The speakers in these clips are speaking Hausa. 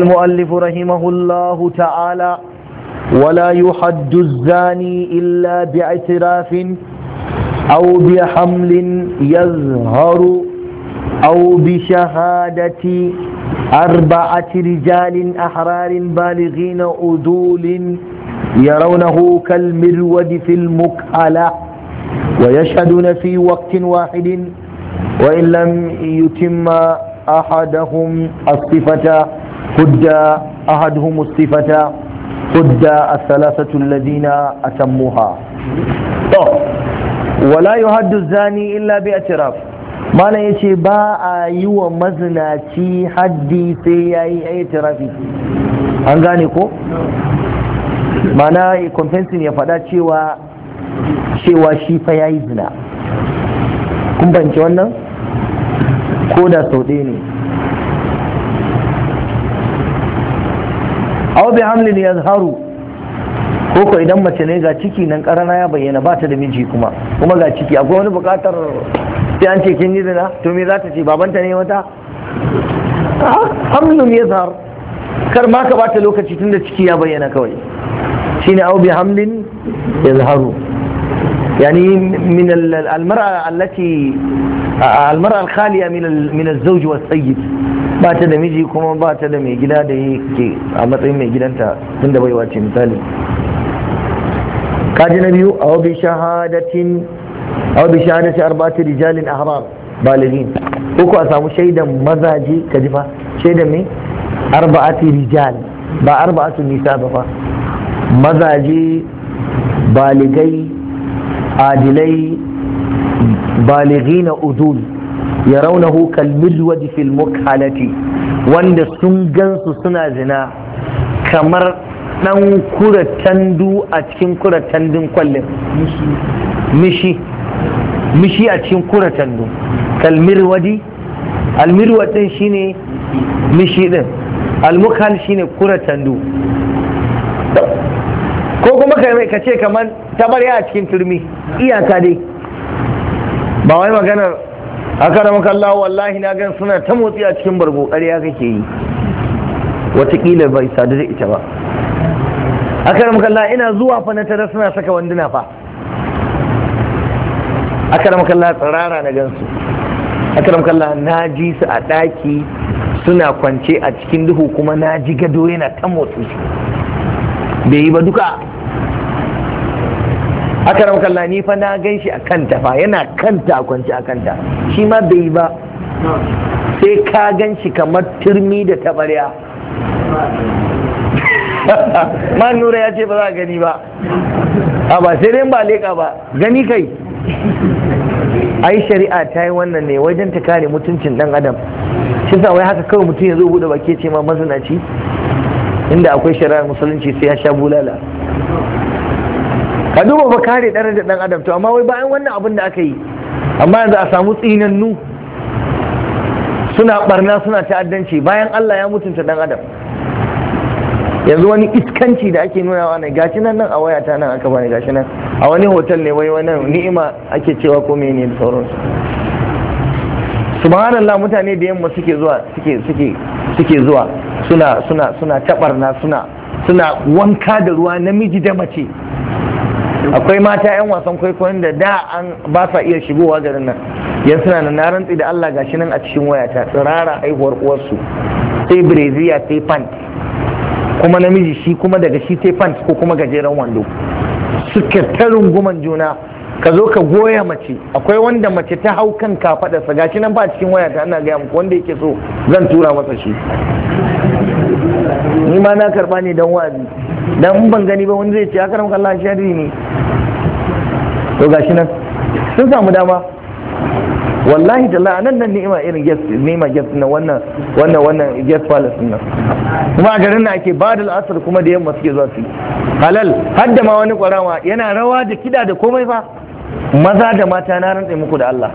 المؤلف رحمه الله تعالى ولا يحد الزاني إلا باعتراف أو بحمل يظهر أو بشهادة أربعة رجال أحرار بالغين أدول يرونه كالمرود في المكاله ويشهدون في وقت واحد وإن لم يتم أحدهم الصفة hudda ahaduhum mustifata hudda as-salasatu alladhina atammuha to wala yuhaddu zani illa bi atraf malam yace ba a yi wa mazinaci haddi sai yayi itirafi an gane ko mana confessing ya faɗa cewa cewa shi fa yayi zina kun bance wannan ko da sau ɗaya ne aw bi hamlin yazharu ko ko idan mace ne ga ciki nan karana ya bayyana ba ta da miji kuma kuma ga ciki akwai wani bukatar sai an ce kin yi to me za ta ce babanta ne wata hamlin yazhar kar ma ka bata lokaci tun da ciki ya bayyana kawai shine aw bi hamlin yazharu يعني من المرأة التي المرأة الخالية ba ta da miji kuma ba ta da mai gida da ke a matsayin mai gidanta tun da baiwa ce misali kaji na biyu a wabi shahadatin a wabi shahadatin arba'ati rijalin ahram balighin uku a samu shaidan mazaji ka ji fa shaidan me arba'ati rijal ba arba'atu nisa ba fa Mazaji, baligai adilai baligina udul ya raunahu kalmilwaji fil mukhalati wanda sun gansu suna zina kamar ɗan tandu a cikin tandun kwallon mishi mishi a cikin kuratandu kalmirwadi almirwad shi shine mishi din almukhal shine tandu ko kuma kai ka ce kamar ya a cikin turmi iyaka dai ba wai maganar haka da makalla wallahi na gan suna ta motsi a cikin bargo ƙarya kake yi watakila bai sadu da ita ba haka da makalla ina zuwa fa na tara suna saka wanduna fa haka da makalla tsirara na su haka da makalla na ji su a ɗaki suna kwance a cikin duhu kuma na ji gado yana ta motsi bai yi ba duka aka kalla ni fa na gan shi a kanta fa yana kanta kwanci a kanta shi ma bai ba sai ka gan shi kamar turmi da tabarya ma nura ya ce ba za a gani ba a ba sai dai ba leka ba gani kai ai shari'a ta yi wannan ne wajen ta kare mutuncin dan adam shi sa wai haka kawai mutum ya zo bude baki ce ma masanaci inda akwai shari'ar musulunci sai ya sha bulala ka duba ba kare ɗan da ɗan adam to amma wai bayan wannan abin da aka yi amma yanzu a samu tsinannu suna barna suna ta'addanci bayan Allah ya mutunta ɗan adam yanzu wani iskanci da ake nuna wa gashi nan nan a waya ta nan aka bani gashi nan a wani hotel ne wai wani ni'ima ake cewa ko mene da sauransu subhanallah mutane da yamma suke zuwa suke suke suke zuwa suna suna suna tabarna suna suna wanka da ruwa namiji da mace akwai mata yan wasan kwaikwayon da da an ba sa iya shigowa garin nan yan suna na rantse da Allah gashi nan a cikin wayata tsirara aihuwar uwarsu sai breziya sai pant kuma namiji shi kuma daga shi sai pant ko kuma gajeren wando Suke ta runguman juna ka zo ka goya mace akwai wanda mace ta hau kan kafadarsa gashi nan ba cikin wayata ana gaya muku wanda yake so zan tura masa shi ni ma na karba ne don wa'azi dan ban gani ba wani zai ce ya karamka Allah shari ne to gashi nan sun samu dama wallahi da la'a nan ni'ima irin ni'ima guest na wannan wannan wannan guest palace nan kuma a garin na ake ba da al'asar kuma da yamma suke zuwa su halal har da ma wani kwarawa yana rawa da kida da komai fa maza da mata na rantsa muku da Allah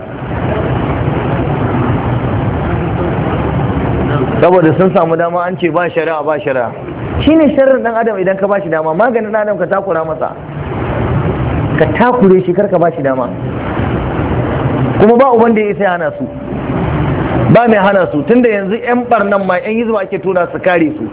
saboda sun samu dama an ce ba shari'a ba shari'a shine sharrin dan adam idan ka ba shi dama maganin adam ka takura masa ka takure shi karka ba shi dama kuma ba uban da ya isa hana su ba mai hana su tunda yanzu yan barnan ma yan zuwa ake tona su kare su